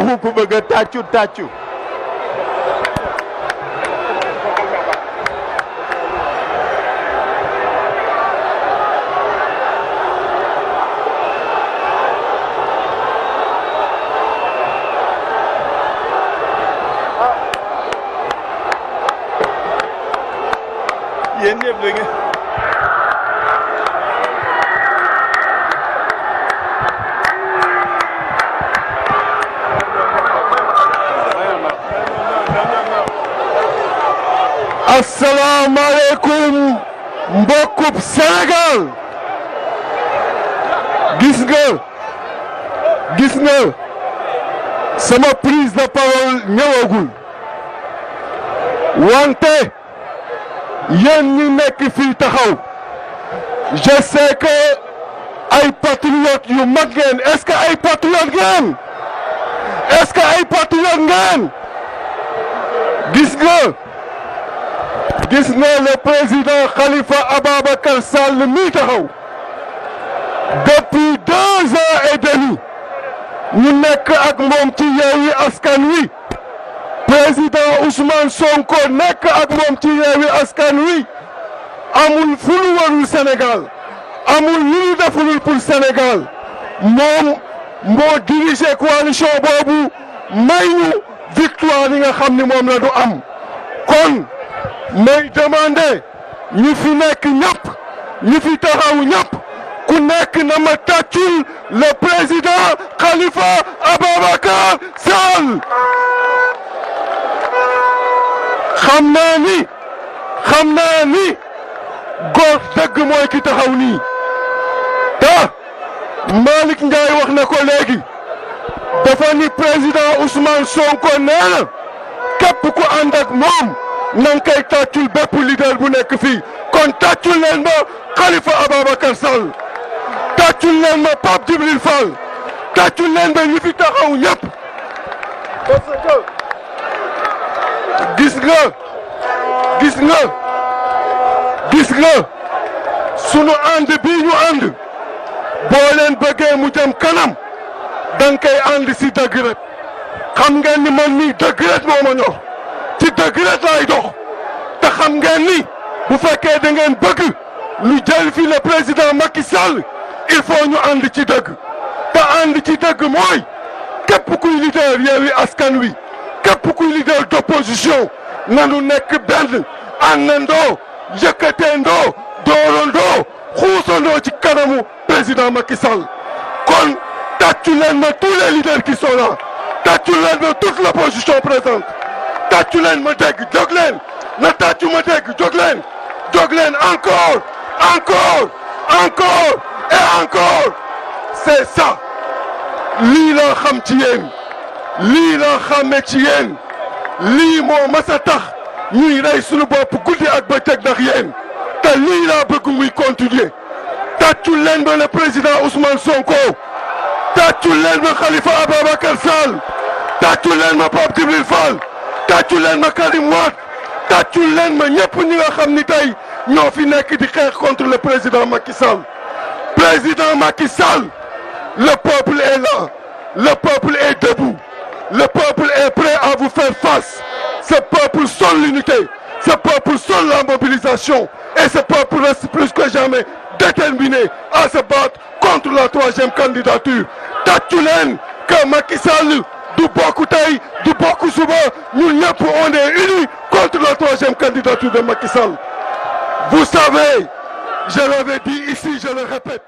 yuuxu ku bëgg a tàccu tàccu yéen asalaamaaleykum mbokkub Sénégal gis nga gis nga sama prise de parole ñëwagul wante yéen ñi nekk fii taxaw je sais ay patriote yu mag ngeen est-ce ay patriote ngeen est-ce ay patriote ngeen gis nga. gis na le président Khalifa Ababacar Sall mi taxaw depuis deux ans et demi ñu nekk ak moom ci Yewwi Askan Wi président Ousmane Sonko nekk ak moom ci Yewwi Askan Wi amul fu lu warul Sénégal amul lu ñu defulul pour Sénégal moom moo dirigé coalition boobu may ñu victoire yi nga xam ni moom la du am kon. may demandé ñi fi nekk ñëpp ñi fi taxaw ñëpp ku nekk na ma tàccul le président Khalifa Ababacar Sall xam naa ni xam naa ni góor dëgg mooy ki taxaw nii te Malick Ndiaye wax na ko léegi dafa ni président Ousmane Sonko nee na képp ku ànd ak moom. na nga koy tàccul bépp leader bu nekk fii kon tàccul leen ma Khalifa Ababacar Sall tàccul leen ma Pape fi taxaw ñëpp parce gis nga gis nga gis nga sunu ànd bii ñu ànd boo bëggee mu jëm kanam da nga ànd si dëgg xam ngeen ni man mii dëgg rek moo ma dëgg rek laay dox te xam ngeen ni bu fekkee da ngeen bëgg lu jël fi le président Macky Sall il faut ñu ànd ci dëgg te ànd ci dëgg mooy képp kuy leader Yewwi Askan Wi képp kuy leader d'opposition nanu nekk benn àndandoo yëkkateendoo doorandoo xuusandoo ci kanamu président Macky Sall kon tàccu leen ma tous les leaders qui sont là tàccu leen ma toute l'opposition tàccu leen ma dégg jóg leen na tàccu ma dégg jóg leen jóg leen encore encore encore et lii laa xam ci yéen lii laa xàmme ci yéen lii moo mas a tax ñuy rey suñu bopp guddi ak bëccëg ndax yéen te lii laa bëgg muy continuer tàccu leen ba le président Ousmane Sonko tàccu leen ba Khalifa Ababacar Sall tàccu leen ba Pape Djibril Fall tàccu leen ma Karim Wade tàccu leen ma ñëpp ñi nga xam ni tey ñoo fi nekk di xeex contre le président Macky Sall président Macky Sall le peuple est là le peuple est debout le peuple est prêt à vous faire face ce peuple sonne l'unité ce peuple sonne la mobilisation et ce peuple reste plus que jamais déterminé à se battre contre la troisième candidature tàccu leen que Macky du bokk tey du bokk suba ñun ñëpp on est contre la troisième candidature de Macky vous savez je l'avais dit ici je le répète